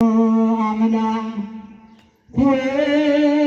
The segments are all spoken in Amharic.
Oh, Amina, where?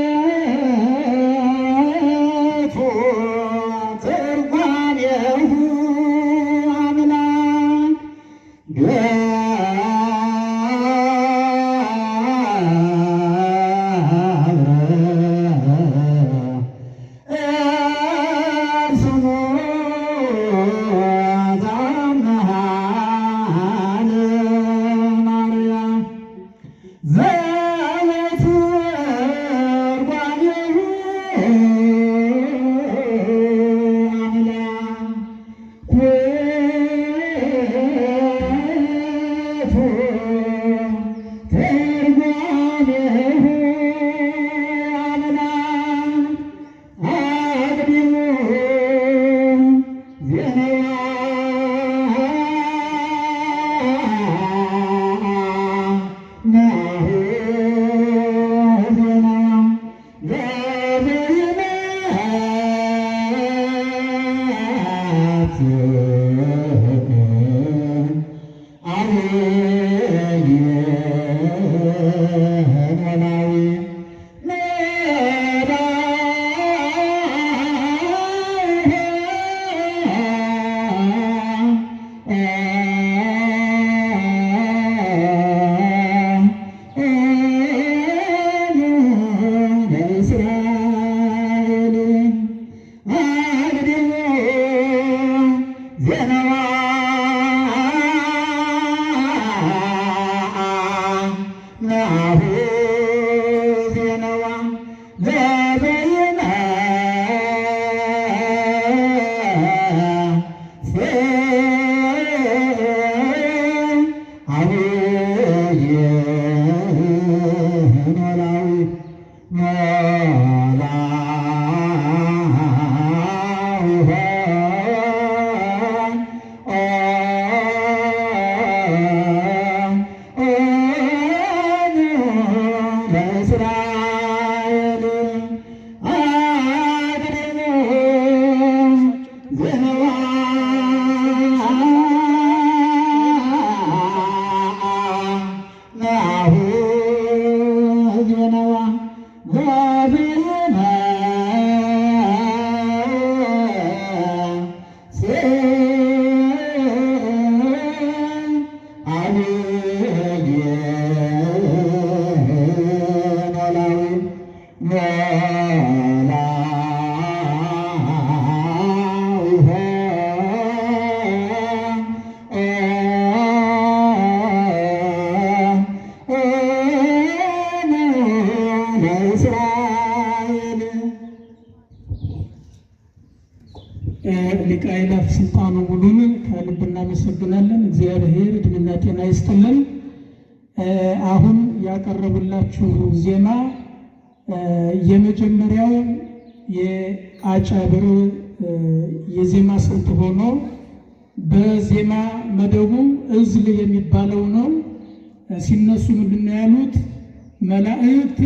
today. አንደኛ ጤና ይስጥልን። አሁን ያቀረቡላችሁ ዜማ የመጀመሪያው የአጫብር የዜማ ስልት ሆኖ በዜማ መደቡ እዝል የሚባለው ነው። ሲነሱ ምንድነው ያሉት? መላእክት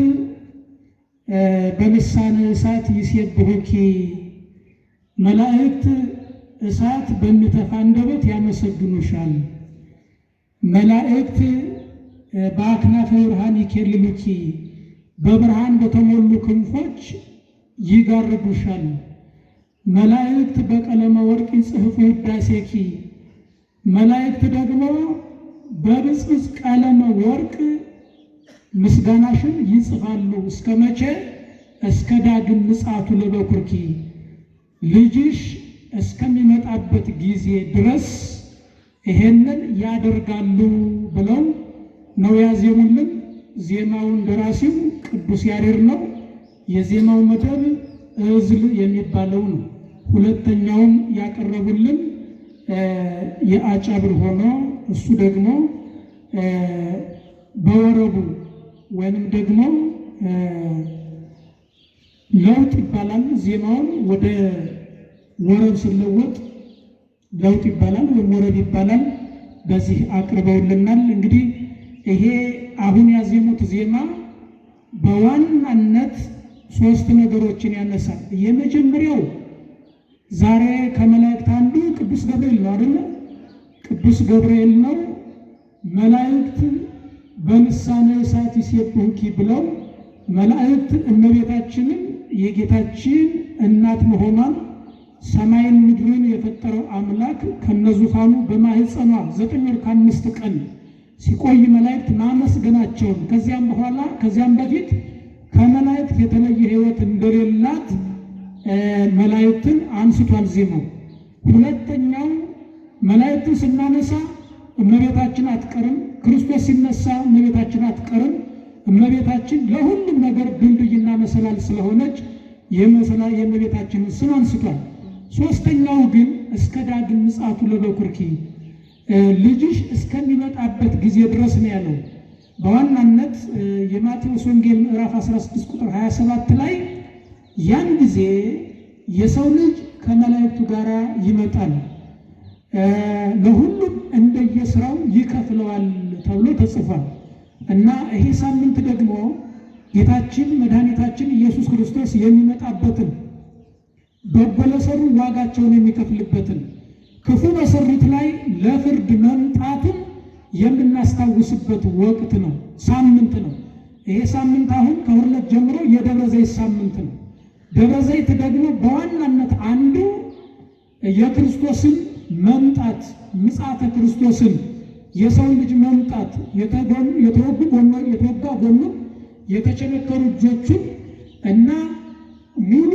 በልሳነ እሳት ይሴብሑኪ፣ መላእክት እሳት በሚተፋ አንደበት ያመሰግኑሻል። መላእክት በአክናፈ ብርሃን ይኬልሉኪ በብርሃን በተሞሉ ክንፎች ይጋርዱሻል። መላእክት በቀለመ ወርቅ ይጽሕፉ ውዳሴኪ መላእክት ደግሞ በብጽጽ ቀለመ ወርቅ ምስጋናሽን ይጽፋሉ። እስከ መቼ? እስከ ዳግም ምጽአቱ ለበኩርኪ ልጅሽ እስከሚመጣበት ጊዜ ድረስ ይሄንን ያደርጋሉ ብለው ነው ያዜሙልን። ዜማውን ደራሲው ቅዱስ ያሬድ ነው። የዜማው መደብ እዝል የሚባለው ነው። ሁለተኛውም ያቀረቡልን የአጫብር ሆኖ እሱ ደግሞ በወረቡ ወይንም ደግሞ ለውጥ ይባላል። ዜማውን ወደ ወረብ ሲለወጥ ለውጥ ይባላል ወይም ወረብ ይባላል። በዚህ አቅርበውልናል። እንግዲህ ይሄ አሁን ያዜሙት ዜማ በዋናነት ሶስት ነገሮችን ያነሳል። የመጀመሪያው ዛሬ ከመላእክት አንዱ ቅዱስ ገብርኤል ነው አይደለ? ቅዱስ ገብርኤል ነው መላእክት በልሳነ እሳት ይሴብሑኪ ብለው መላእክት እመቤታችንን የጌታችን እናት መሆኗን ሰማይን ምድርን የፈጠረው አምላክ ከነዙፋኑ በማህፀኗ ዘጠኝ ወር ከአምስት ቀን ሲቆይ መላእክት ማመስገናቸውን ከዚያም በኋላ ከዚያም በፊት ከመላእክት የተለየ ህይወት እንደሌላት መላእክትን አንስቷል ዜማው። ሁለተኛው መላእክትን ስናነሳ እመቤታችን አትቀርም። ክርስቶስ ሲነሳ እመቤታችን አትቀርም። እመቤታችን ለሁሉም ነገር ድልድይና መሰላል ስለሆነች የመሰላ የእመቤታችንን ስም አንስቷል። ሶስተኛው ግን እስከ ዳግም ምጽአቱ ለበኩርኪ ልጅሽ እስከሚመጣበት ጊዜ ድረስ ነው ያለው። በዋናነት የማቴዎስ ወንጌል ምዕራፍ 16 ቁጥር 27 ላይ ያን ጊዜ የሰው ልጅ ከመላእክቱ ጋር ይመጣል፣ ለሁሉም እንደየስራው ይከፍለዋል ተብሎ ተጽፏል እና ይሄ ሳምንት ደግሞ ጌታችን መድኃኒታችን ኢየሱስ ክርስቶስ የሚመጣበትን በጎ ለሰሩ ዋጋቸውን የሚከፍልበትን ክፉ በሰሩት ላይ ለፍርድ መምጣትን የምናስታውስበት ወቅት ነው፣ ሳምንት ነው። ይሄ ሳምንት አሁን ከሁለት ጀምሮ የደብረ ዘይት ሳምንት ነው። ደብረ ዘይት ደግሞ በዋናነት አንዱ የክርስቶስን መምጣት ምጻተ ክርስቶስን የሰው ልጅ መምጣት የተወጋ ጎኑ የተቸነከሩ እጆቹን እና ሙሉ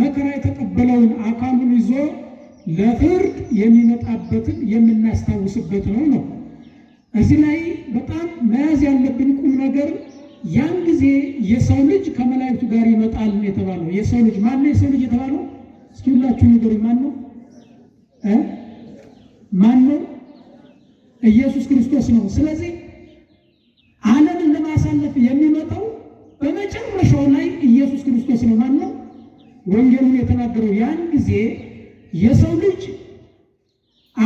መከራ የተቀበለውን አካሉን ይዞ ለፍርድ የሚመጣበትን የምናስታውስበት ነው ነው። እዚህ ላይ በጣም መያዝ ያለብን ቁም ነገር ያን ጊዜ የሰው ልጅ ከመላእክቱ ጋር ይመጣል የተባለው የሰው ልጅ ማን ነው? የሰው ልጅ የተባለው እስኪ ሁላችሁ ነገር ማን ነው? ማን ነው? ኢየሱስ ክርስቶስ ነው። ስለዚህ ዓለምን ለማሳለፍ የሚመጣው በመጨረሻው ላይ ኢየሱስ ክርስቶስ ነው። ማን ነው? ወንጌሉን የተናገረው ያን ጊዜ የሰው ልጅ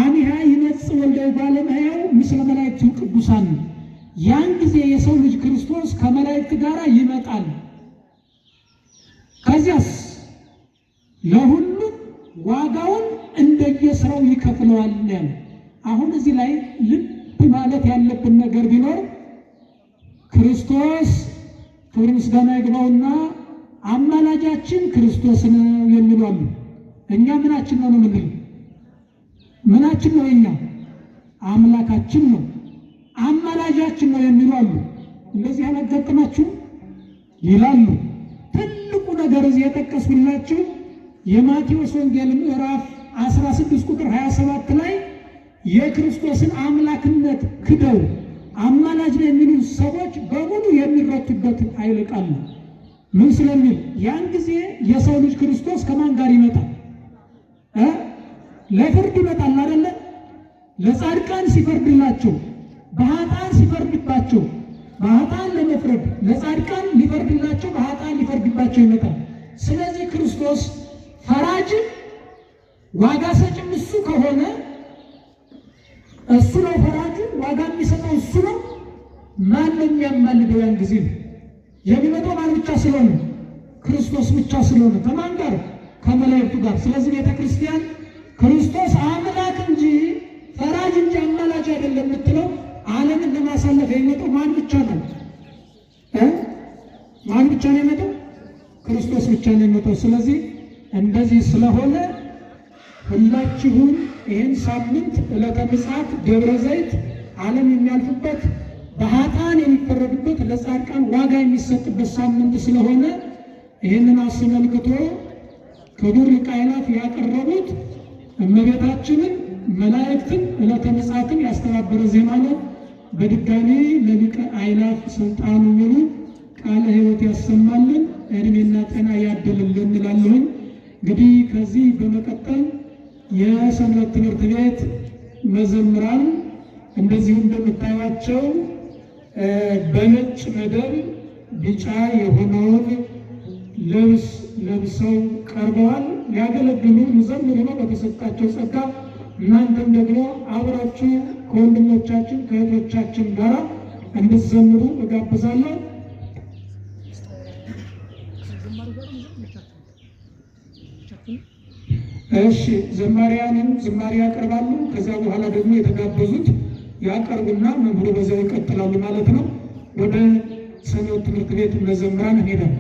አኒሃ ይነጽ ወልደው ባለመያው ምስለ መላእክቱ ቅዱሳን፣ ያን ጊዜ የሰው ልጅ ክርስቶስ ከመላእክት ጋር ይመጣል። ከዚያስ ለሁሉም ዋጋውን እንደየስራው ይከፍለዋል። አሁን እዚህ ላይ ልብ ማለት ያለብን ነገር ቢኖር ክርስቶስ ክብር ምስጋና ይግባውና አማላጃችን ክርስቶስ ነው የሚሉ አሉ። እኛ ምናችን ነው ነው የምንለው? ምናችን ነው? እኛ አምላካችን ነው አማላጃችን ነው የሚሉ አሉ። እንደዚህ አላጋጠማችሁ ይላሉ። ትልቁ ነገር እዚህ የጠቀስኩላችሁ የማቴዎስ ወንጌል ምዕራፍ 16 ቁጥር 27 ላይ የክርስቶስን አምላክነት ክደው አማላጅ ነው የሚሉ ሰዎች በሙሉ የሚረቱበት አይልቃሉ። ምን ስለሚል ያን ጊዜ የሰው ልጅ ክርስቶስ ከማን ጋር ይመጣል? ለፍርድ ይመጣል አይደለ? ለጻድቃን ሲፈርድላቸው፣ በኃጥአን ሲፈርድባቸው፣ በኃጥአን ለመፍረድ ለጻድቃን ሊፈርድላቸው፣ በኃጥአን ሊፈርድባቸው ይመጣል። ስለዚህ ክርስቶስ ፈራጅም ዋጋ ሰጭም እሱ ከሆነ እሱ ነው ፈራጁ፣ ዋጋ የሚሰጠው እሱ ነው። ማን ነው የሚያማልደው ያን ጊዜ ነው የሚመጣው ማን ብቻ ስለሆነ ክርስቶስ ብቻ ስለሆነ ከማን ጋር ከመላእክቱ ጋር ስለዚህ ቤተ ክርስቲያን ክርስቶስ አምላክ እንጂ ፈራጅ እንጂ አማላጅ አይደለም የምትለው ዓለምን ለማሳለፍ የሚመጣው ማን ብቻ ነው እ ማን ብቻ ነው የሚመጣው ክርስቶስ ብቻ ነው የሚመጣው ስለዚህ እንደዚህ ስለሆነ ሁላችሁም ይህን ሳምንት ዕለተ ምጽአት ደብረ ዘይት ዓለም የሚያልፍበት የሚደረግበት ለጻድቃን ዋጋ የሚሰጥበት ሳምንት ስለሆነ ይህንን አስመልክቶ ክቡር ቃይላት ያቀረቡት እመቤታችንን መላእክትን ዕለተ ምጽአትን ያስተባበረ ዜማ ነው። በድጋሚ ለሊቀ አእላፍ ስልጣኑ ሙሉ ቃለ ሕይወት ያሰማልን እድሜና ጤና ያድልልን እንላለሁኝ። እንግዲህ ከዚህ በመቀጠል የሰንበት ትምህርት ቤት መዘምራን እንደዚሁ እንደምታዩቸው በነጭ መደብ ቢጫ የሆነውን ልብስ ለብሰው ቀርበዋል። ሊያገለግሉ ይዘምሩ ነው በተሰጣቸው ጸጋ። እናንተም ደግሞ አብራችሁ ከወንድሞቻችን ከእህቶቻችን ጋር እንድትዘምሩ እጋብዛለሁ። እሺ ዘማሪያንም ዝማሬ ያቀርባሉ። ከዚያ በኋላ ደግሞ የተጋበዙት ያቀርቡና መምህሩ በዛው ይቀጥላሉ ማለት ነው። ወደ ሰኞ ትምህርት ቤት መዘምራን እንሄዳለን።